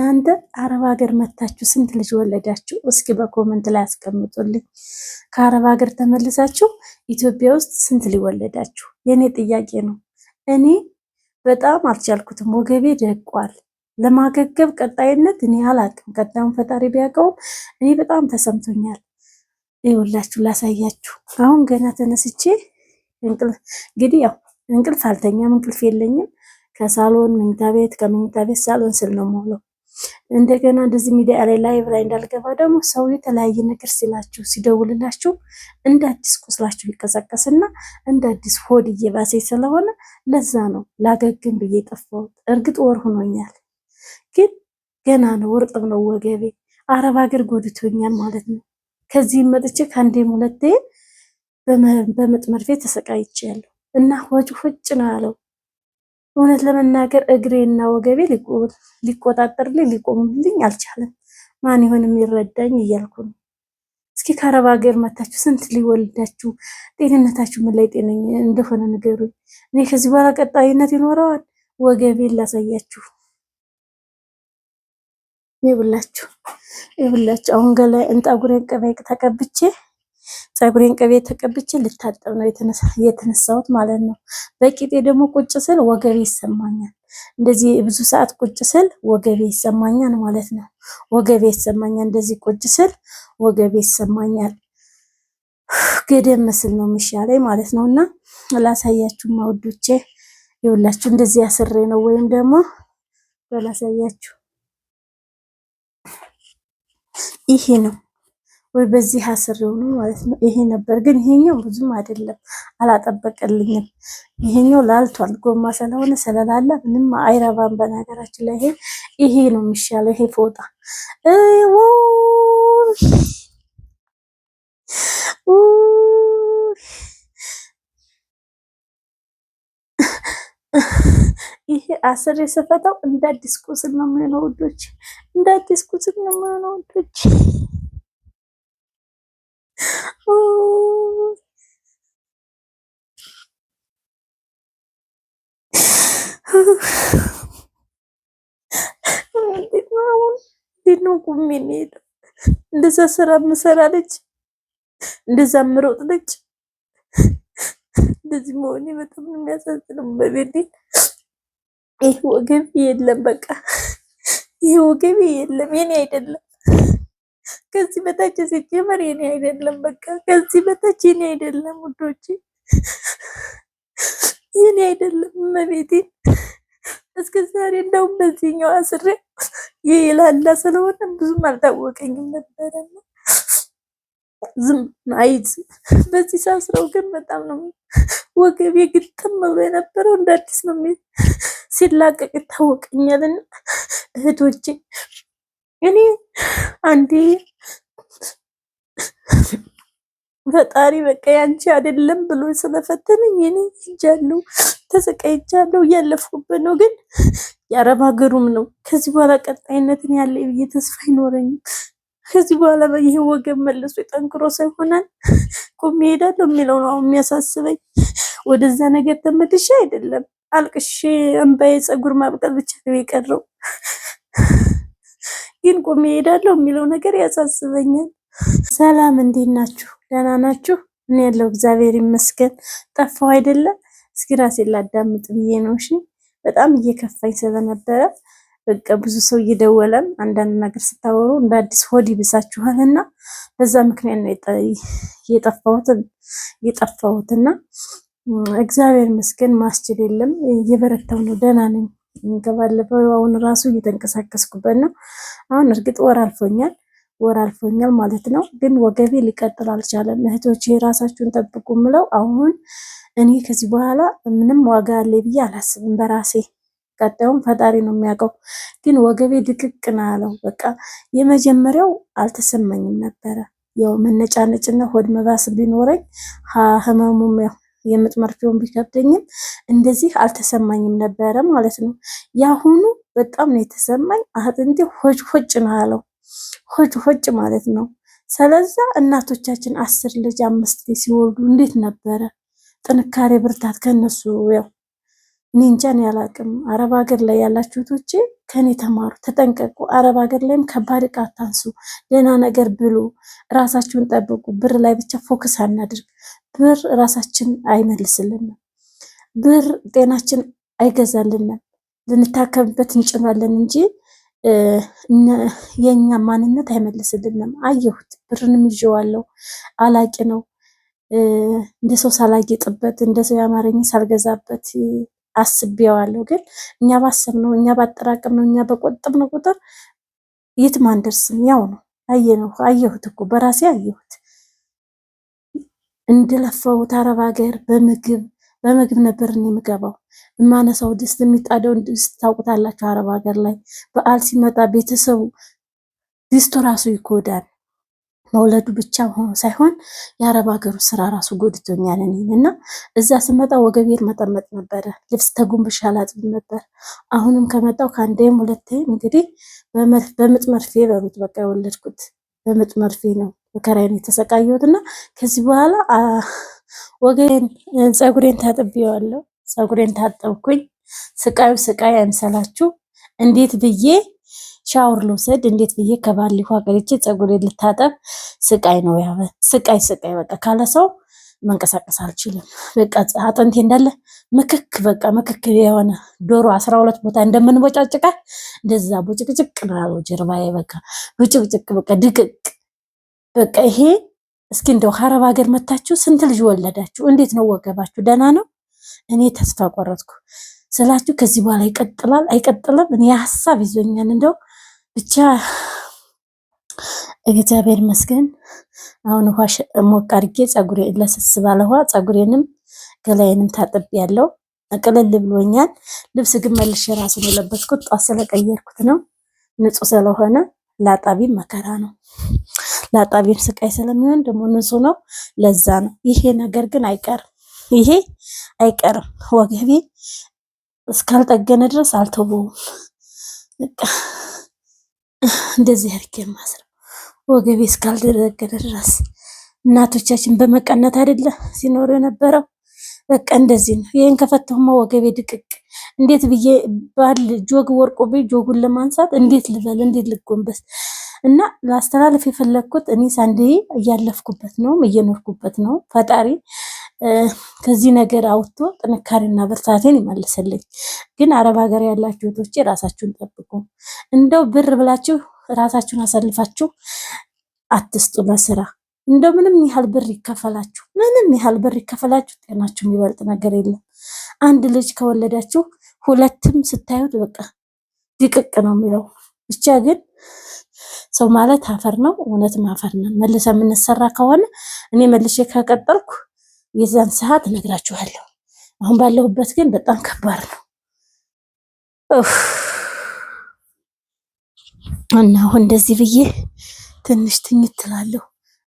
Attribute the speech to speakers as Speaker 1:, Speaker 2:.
Speaker 1: እናንተ አረብ ሀገር መታችሁ ስንት ልጅ ወለዳችሁ? እስኪ በኮመንት ላይ አስቀምጡልኝ። ከአረብ ሀገር ተመልሳችሁ ኢትዮጵያ ውስጥ ስንት ልጅ ወለዳችሁ? የእኔ ጥያቄ ነው። እኔ በጣም አልቻልኩትም፣ ወገቤ ደቋል። ለማገገብ ቀጣይነት እኔ አላቅም። ቀጣዩን ፈጣሪ ቢያውቀውም እኔ በጣም ተሰምቶኛል። ይኸውላችሁ ላሳያችሁ። አሁን ገና ተነስቼ እንግዲህ ያው እንቅልፍ አልተኛም፣ እንቅልፍ የለኝም። ከሳሎን መኝታ ቤት፣ ከመኝታ ቤት ሳሎን ስል ነው የምውለው። እንደገና እንደዚህ ሚዲያ ላይ ላይቭ ላይ እንዳልገባ ደግሞ ሰው የተለያየ ነገር ሲላችሁ ሲደውልላችሁ እንደ አዲስ ቁስላችሁ ይቀሰቀስና እንደ አዲስ ሆድ እየባሴ ስለሆነ ለዛ ነው ላገግም ብዬ ጠፋሁት። እርግጥ ወር ሆኖኛል፣ ግን ገና ነው እርጥብ ነው ወገቤ። አረብ ሀገር ጎድቶኛል ማለት ነው። ከዚህ መጥቼ ከአንዴም ሁለቴ በምጥ መርፌ ያለው እና ሆጭ ሆጭ ነው ያለው እውነት ለመናገር እግሬና ወገቤ ሊቆጣጠርልኝ ሊቆምልኝ አልቻለም። ማን ይሆን የሚረዳኝ እያልኩ ነው። እስኪ ከአረብ ሀገር መታችሁ ስንት ሊወልዳችሁ ጤንነታችሁ ምን ላይ ጤነኝ እንደሆነ ንገሩ። እኔ ከዚህ በኋላ ቀጣይነት ይኖረዋል። ወገቤን ላሳያችሁ። ይብላችሁ ይብላችሁ። አሁን ገላይ እንጣጉሬን ቅቤ ተቀብቼ ፀጉሬን ቅቤ ተቀብቼ ልታጠብ ነው የተነሳሁት ማለት ነው። በቂጤ ደግሞ ቁጭ ስል ወገቤ ይሰማኛል። እንደዚህ ብዙ ሰዓት ቁጭ ስል ወገቤ ይሰማኛል ማለት ነው። ወገቤ ይሰማኛል፣ እንደዚህ ቁጭ ስል ወገቤ ይሰማኛል። ገደም መስል ነው የሚሻለኝ ማለት ነው። እና ላሳያችሁ ማውዶቼ ይኸውላችሁ እንደዚህ ያስሬ ነው ወይም ደግሞ በላሳያችሁ ይሄ ነው ወይ በዚህ አስሬው ነው ማለት ነው። ይሄ ነበር ግን ይሄኛው ብዙም አይደለም፣ አላጠበቀልኝም። ይሄኛው ላልቷል፣ ጎማ ስለሆነ ስለላለ ምንም አይረባም። በነገራችን ላይ ይሄ ይሄ ነው የሚሻለው። ይሄ ፎጣ ይሄ አስር ስፈታው እንደ አዲስ ቁስል ነው የሚሆነው ውዶች፣ እንደ አዲስ ቁስል ነው የሚሆነው ውዶች። እንዴት ነው ቁሜ የምሄደው? እንደዛ ስራ ምሰራለች፣ እንደዛ ምሮጥለች፣ እንደዚህ መሆኔ በጣም የሚያሳዝነው በቤቴ ይህ ወገቢ የለም። በቃ ይህ ወገብ የለም፣ የኔ አይደለም። ከዚህ በታች ሲጀመር የኔ አይደለም። በቃ ከዚህ በታች የኔ አይደለም ውዶች፣ የኔ አይደለም። እመቤቴን እስከ ዛሬ እንደውም በዚህኛው አስሬ የላላ ስለሆነ ብዙም አልታወቀኝም ነበረና ዝም አይት በዚህ ሳስረው ግን በጣም ነው ወገቤ ግጥም ብሎ የነበረው እንደ አዲስ ነው ሲላቀቅ ይታወቀኛልና እህቶቼ እኔ አንዴ ፈጣሪ በቃ ያንቺ አይደለም ብሎ ስለፈተነኝ እኔ ሄጃለሁ፣ ተሰቃይቻለሁ፣ እያለፍኩበት ነው። ግን የአረብ ሀገሩም ነው። ከዚህ በኋላ ቀጣይነትን ያለ ብዬ ተስፋ አይኖረኝም። ከዚህ በኋላ በይህ ወገብ መልሶ የጠንክሮ ሳይሆናል ቁም ይሄዳለሁ የሚለው ነው የሚያሳስበኝ። ወደዛ ነገር ተመልሼ አይደለም አልቅሼ እንባዬ ፀጉር ማብቀል ብቻ ነው የቀረው። ግን ቁሜ ሄዳለሁ የሚለው ነገር ያሳስበኛል። ሰላም እንዴት ናችሁ? ደህና ናችሁ? እኔ ያለው እግዚአብሔር ይመስገን። ጠፋው አይደለ? እስኪ ራሴ ላዳምጥ ብዬ ነው። እሺ በጣም እየከፋኝ ስለነበረ በቃ ብዙ ሰው እየደወለም አንዳንድ ነገር ስታወሩ እንደ አዲስ ሆድ ይብሳችኋል እና በዛ ምክንያት ነው የጠፋሁት እና እግዚአብሔር ይመስገን ማስችል የለም እየበረታው ነው። ደህና ነኝ። ከባለፈው አሁን ራሱ እየተንቀሳቀስኩበት ነው። አሁን እርግጥ ወር አልፎኛል ወር አልፎኛል ማለት ነው። ግን ወገቤ ሊቀጥል አልቻለም። እህቶች የራሳችሁን ጠብቁ ምለው አሁን እኔ ከዚህ በኋላ ምንም ዋጋ አለ ብዬ አላስብም በራሴ ቀጣዩም ፈጣሪ ነው የሚያውቀው። ግን ወገቤ ድቅቅ ነው ያለው። በቃ የመጀመሪያው አልተሰማኝም ነበረ። ያው መነጫነጭና ሆድ መባስ ቢኖረኝ ህመሙም ያው የምጥመር ቢከብደኝም እንደዚህ አልተሰማኝም ነበረ ማለት ነው። ያሁኑ በጣም ነው የተሰማኝ። አጥንቴ ሆጭ ሆጭ ነው ያለው፣ ሆጭ ሆጭ ማለት ነው። ስለዛ እናቶቻችን አስር ልጅ አምስት ልጅ ሲወልዱ እንዴት ነበረ ጥንካሬ፣ ብርታት ከነሱ ያው እኔ እንጃን ያላቅም። አረብ ሀገር ላይ ያላችሁ ከኔ ተማሩ፣ ተጠንቀቁ። አረብ ሀገር ላይም ከባድ ዕቃ አታንሱ፣ ደህና ነገር ብሉ፣ ራሳችሁን ጠብቁ። ብር ላይ ብቻ ፎከስ አናድርግ። ብር ራሳችን አይመልስልንም። ብር ጤናችን አይገዛልንም። ልንታከምበት እንጭናለን እንጂ የእኛ ማንነት አይመልስልንም። አየሁት፣ ብርንም ይዤዋለሁ። አላቂ ነው እንደ ሰው ሳላጌጥበት፣ እንደ ሰው የአማረኝ ሳልገዛበት አስቤዋለሁ። ግን እኛ ባሰብ ነው እኛ ባጠራቅም ነው እኛ ነው ቁጥር የትም አንደርስም። ያው ነው። አየሁት እኮ በራሴ አየሁት። እንደለፋሁት አረብ ሀገር በምግብ በምግብ ነበር የምገባው። የማነሳው ድስት የሚጣደውን ድስት ታውቁታላችሁ። አረብ ሀገር ላይ በዓል ሲመጣ ቤተሰቡ ድስቱ ራሱ ይጎዳል። መውለዱ ብቻ ሳይሆን የአረብ ሀገሩ ስራ ራሱ ጎድቶኛል እኔን እና እዛ ስመጣ ወገቤን መጠመጥ ነበረ። ልብስ ተጉንብሻ አላጥብም ነበር። አሁንም ከመጣው ከአንዴም ሁለቴም እንግዲህ በምጥ መርፌ በሉት በቃ የወለድኩት በምጥ መርፌ ነው። መከራዬን የተሰቃየሁት እና ከዚህ በኋላ ወገን ፀጉሬን ታጥቤዋለሁ። ፀጉሬን ታጠብኩኝ። ስቃዩ ስቃይ አይምሰላችሁ። እንዴት ብዬ ሻወር ልውሰድ፣ እንዴት ብዬ ከባሊ ሀገርቼ ፀጉሬን ልታጠብ? ስቃይ ነው ያበ ስቃይ ስቃይ በቃ ካለ ሰው መንቀሳቀስ አልችልም። በቃ አጥንቴ እንዳለ ምክክ በቃ ምክክ የሆነ ዶሮ አስራ ሁለት ቦታ እንደምንቦጫጭቃ እንደዛ ቦጭቅጭቅ ነው ያለው ጀርባዬ በቃ ብጭቅጭቅ በቃ ድቅቅ በቃ ይሄ እስኪ እንደው ከአረብ ሀገር መታችሁ ስንት ልጅ ወለዳችሁ? እንዴት ነው ወገባችሁ? ደህና ነው? እኔ ተስፋ ቆረጥኩ ስላችሁ ከዚህ በኋላ ይቀጥላል አይቀጥልም፣ እኔ ሀሳብ ይዞኛል። እንደው ብቻ እግዚአብሔር ይመስገን። አሁን ውሃ ሞቅ አድርጌ ፀጉሬ ለስስ ባለ ውሃ ፀጉሬንም ገላዬንም ታጥብ ያለው ቅልል ብሎኛል። ልብስ ግን መልሼ ራሱን የለበስኩት ጧት ስለቀየርኩት ነው። ንጹህ ስለሆነ ላጣቢ መከራ ነው። ለአጣቢም ስቃይ ስለሚሆን ደግሞ ንጹህ ነው። ለዛ ነው ይሄ ነገር ግን አይቀርም፣ ይሄ አይቀርም። ወገቤ እስካልጠገነ ድረስ አልተወውም። እንደዚህ አድርጌ ማስረው ወገቤ እስካልተጠገነ ድረስ እናቶቻችን በመቀነት አይደለ ሲኖሩ የነበረው። በቃ እንደዚህ ነው። ይህን ከፈተሁማ ወገቤ ድቅቅ እንዴት ብዬ ባል ጆግ ወርቆ ጆጉን ለማንሳት እንዴት ልበል? እንዴት ልጎንበስ? እና ላስተላለፍ የፈለግኩት እኔ ሳንዴ እያለፍኩበት ነው እየኖርኩበት ነው። ፈጣሪ ከዚህ ነገር አውጥቶ ጥንካሬና ብርታቴን ይመልስልኝ። ግን አረብ ሀገር ያላችሁ እህቶቼ ራሳችሁን ጠብቁ። እንደው ብር ብላችሁ ራሳችሁን አሳልፋችሁ አትስጡ ለስራ እንደው ምንም ያህል ብር ይከፈላችሁ ምንም ያህል ብር ይከፈላችሁ ጤናችሁ የሚበልጥ ነገር የለም። አንድ ልጅ ከወለዳችሁ ሁለትም ስታዩት በቃ ድቅቅ ነው የሚለው ብቻ ግን ሰው ማለት አፈር ነው። እውነትም አፈር ነው። መልሰ የምንሰራ ከሆነ እኔ መልሼ ከቀጠልኩ የዛን ሰዓት እነግራችኋለሁ። አሁን ባለሁበት ግን በጣም ከባድ ነው እና አሁን እንደዚህ ብዬ ትንሽ ትኝት ትላለሁ።